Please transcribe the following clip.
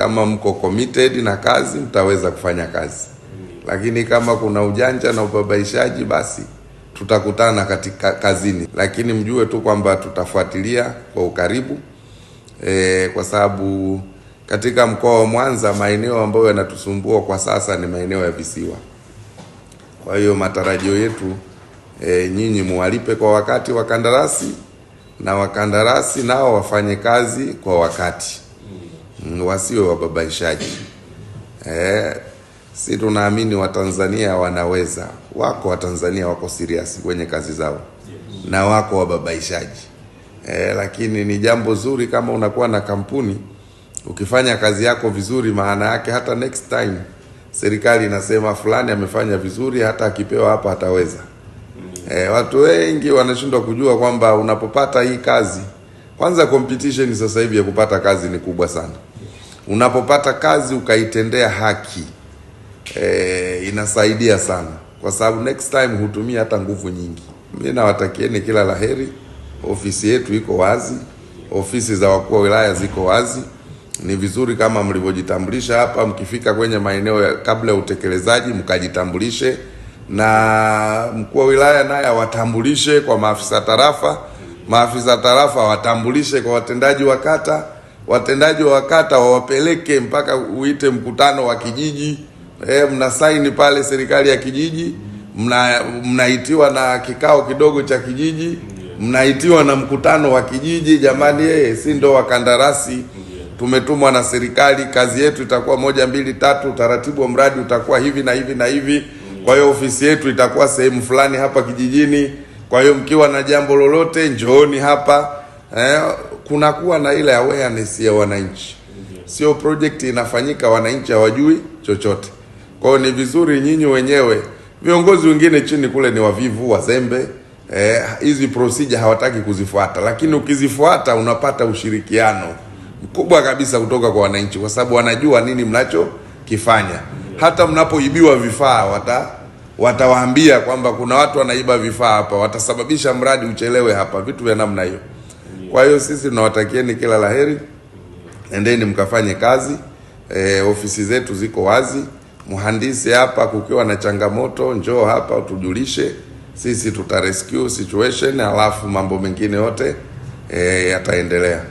Kama mko committed na kazi, mtaweza kufanya kazi, lakini kama kuna ujanja na ubabaishaji, basi tutakutana katika kazini. Lakini mjue tu kwamba tutafuatilia kwa ukaribu e, kwa sababu katika mkoa wa Mwanza maeneo ambayo yanatusumbua kwa sasa ni maeneo ya visiwa. Kwa hiyo matarajio yetu e, nyinyi muwalipe kwa wakati wakandarasi na wakandarasi nao wafanye kazi kwa wakati. Mm, wasio wababaishaji eh. Si tunaamini Watanzania wanaweza, wako Watanzania wako serious kwenye kazi zao na wako wababaishaji eh, lakini ni jambo zuri kama unakuwa na kampuni ukifanya kazi yako vizuri, maana yake hata next time serikali inasema fulani amefanya vizuri, hata akipewa hapa ataweza. E, watu wengi wanashindwa kujua kwamba unapopata hii kazi, kwanza competition sasa hivi ya kupata kazi ni kubwa sana unapopata kazi ukaitendea haki e, inasaidia sana, kwa sababu next time hutumia hata nguvu nyingi. Mimi nawatakieni kila laheri. Ofisi yetu iko wazi, ofisi za wakuu wa wilaya ziko wazi. Ni vizuri kama mlivyojitambulisha hapa, mkifika kwenye maeneo kabla ya utekelezaji mkajitambulishe, na mkuu wa wilaya naye awatambulishe kwa maafisa tarafa, maafisa tarafa watambulishe kwa watendaji wa kata watendaji wa kata wawapeleke mpaka uite mkutano wa kijiji e, mna saini pale serikali ya kijiji, mna mnaitiwa na kikao kidogo cha kijiji, mnaitiwa na mkutano wa kijiji. Jamani e, si ndo wakandarasi tumetumwa na serikali, kazi yetu itakuwa moja mbili tatu, utaratibu wa mradi utakuwa hivi na hivi na hivi. Kwa hiyo ofisi yetu itakuwa sehemu fulani hapa kijijini. Kwa hiyo mkiwa na jambo lolote, njooni hapa eh kunakuwa na ile awareness ya wananchi, sio project inafanyika wananchi hawajui chochote. Kwa hiyo ni vizuri nyinyi wenyewe, viongozi wengine chini kule ni wavivu, wazembe eh, hizi eh, procedure hawataki kuzifuata, lakini ukizifuata unapata ushirikiano mkubwa kabisa kutoka kwa wananchi, kwa sababu wanajua nini mnachokifanya. Hata mnapoibiwa vifaa wata watawaambia kwamba kuna watu wanaiba vifaa hapa, watasababisha mradi uchelewe hapa, vitu vya namna hiyo. Kwa hiyo sisi tunawatakieni kila laheri, endeni mkafanye kazi e, ofisi zetu ziko wazi. Mhandisi hapa, kukiwa na changamoto, njoo hapa utujulishe, sisi tuta rescue situation, halafu mambo mengine yote e, yataendelea.